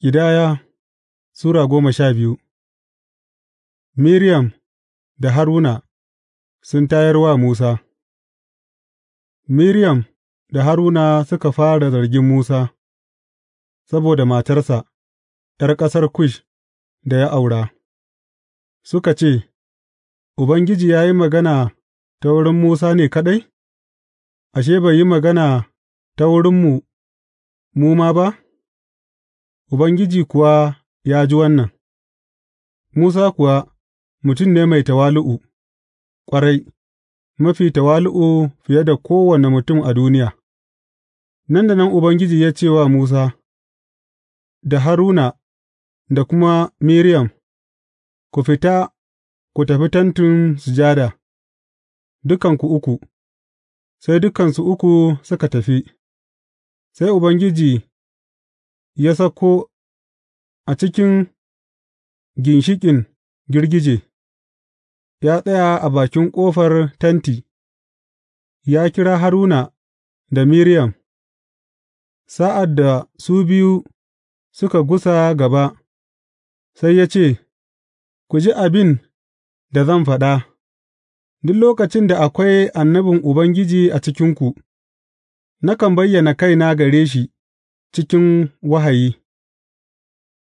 Ƙidaya Sura goma sha biyu Miriam da Haruna sun tayar wa Musa Miriam da Haruna suka fara zargin Musa saboda matarsa, ’yar ƙasar Kush da ya aura, suka ce, Ubangiji ya yi magana ta wurin Musa ne kaɗai, ashe, bai yi magana ta wurinmu mu ma ba? Ubangiji kuwa ya ji wannan, Musa kuwa mutum ne mai tawali'u, ƙwarai, mafi tawali'u fiye da kowane mutum a duniya, nan da nan Ubangiji ya ce wa Musa, da Haruna da kuma Miriam. Ku fita ku tafi Tentin Sujada, dukanku uku, sai dukansu uku suka tafi, sai Ubangiji ya sauko a cikin ginshiƙin girgije, ya tsaya a bakin ƙofar tenti, ya kira Haruna da Miriam. sa'ad da su biyu suka gusa gaba, sai ya ce, Ku ji abin da zan faɗa, duk lokacin da akwai annabin Ubangiji a cikinku, nakan bayyana kaina gare shi. cikin wahayi,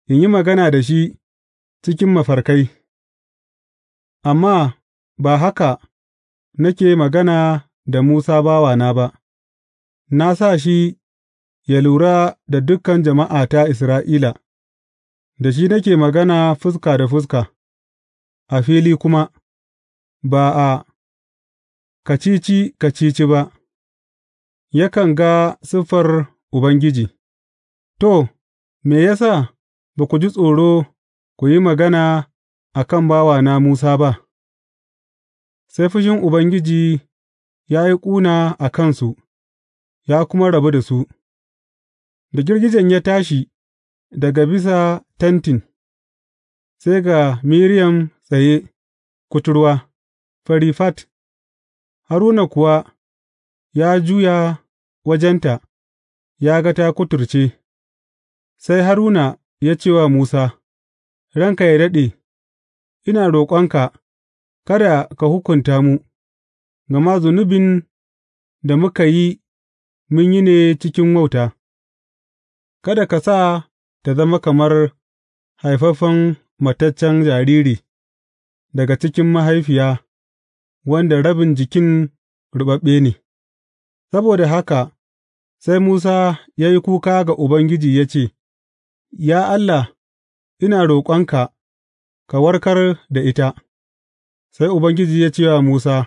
in yi magana da shi cikin mafarkai, amma ba haka nake magana da Musa na ba, na sa shi ya lura da dukan jama'a ta Isra'ila, da shi nake magana fuska da fuska, a fili kuma, ba a kacici kacici ba, yakan ga siffar Ubangiji. To, me ya sa ba ku ji tsoro ku yi magana a kan bawana Musa ba, sai fushin Ubangiji ya yi ƙuna a kansu, ya kuma rabu da su, da girgijen ya tashi daga bisa tentin, sai ga miriyan tsaye, kuturwa, Farifat, Haruna kuwa ya juya wajenta, ya ga ta kuturce. Sai Haruna ya ce wa Musa, Ranka yă daɗe, ina roƙonka, kada ka hukunta mu, gama zunubin da muka yi mun yi ne cikin wauta, kada ka sa ta zama kamar haifaffen mataccen jariri daga cikin mahaifiya, wanda rabin jikin ruɓaɓɓe ne. Saboda haka sai Musa ya yi kuka ga Ubangiji ya ce, Ya Allah, ina roƙonka ka warkar da ita, sai Ubangiji ya ce wa Musa,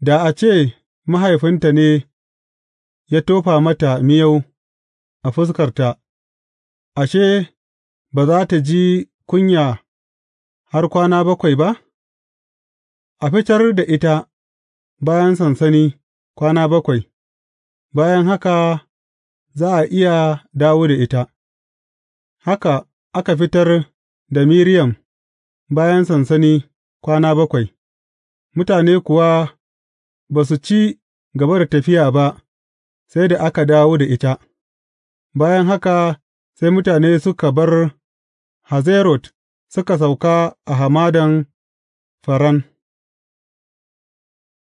Da a ce mahaifinta ne ya tofa mata miyau a fuskarta, ashe, ba za ta ji kunya har kwana bakwai ba? A fitar da ita bayan sansani kwana bakwai, bayan haka za a iya dawo da ita. Haka aka fitar da miriam bayan sansani kwana bakwai, mutane kuwa ba su ci gaba da tafiya ba sai da aka dawo da ita, bayan haka sai mutane suka bar Hazerot suka sauka a Hamadan Faran.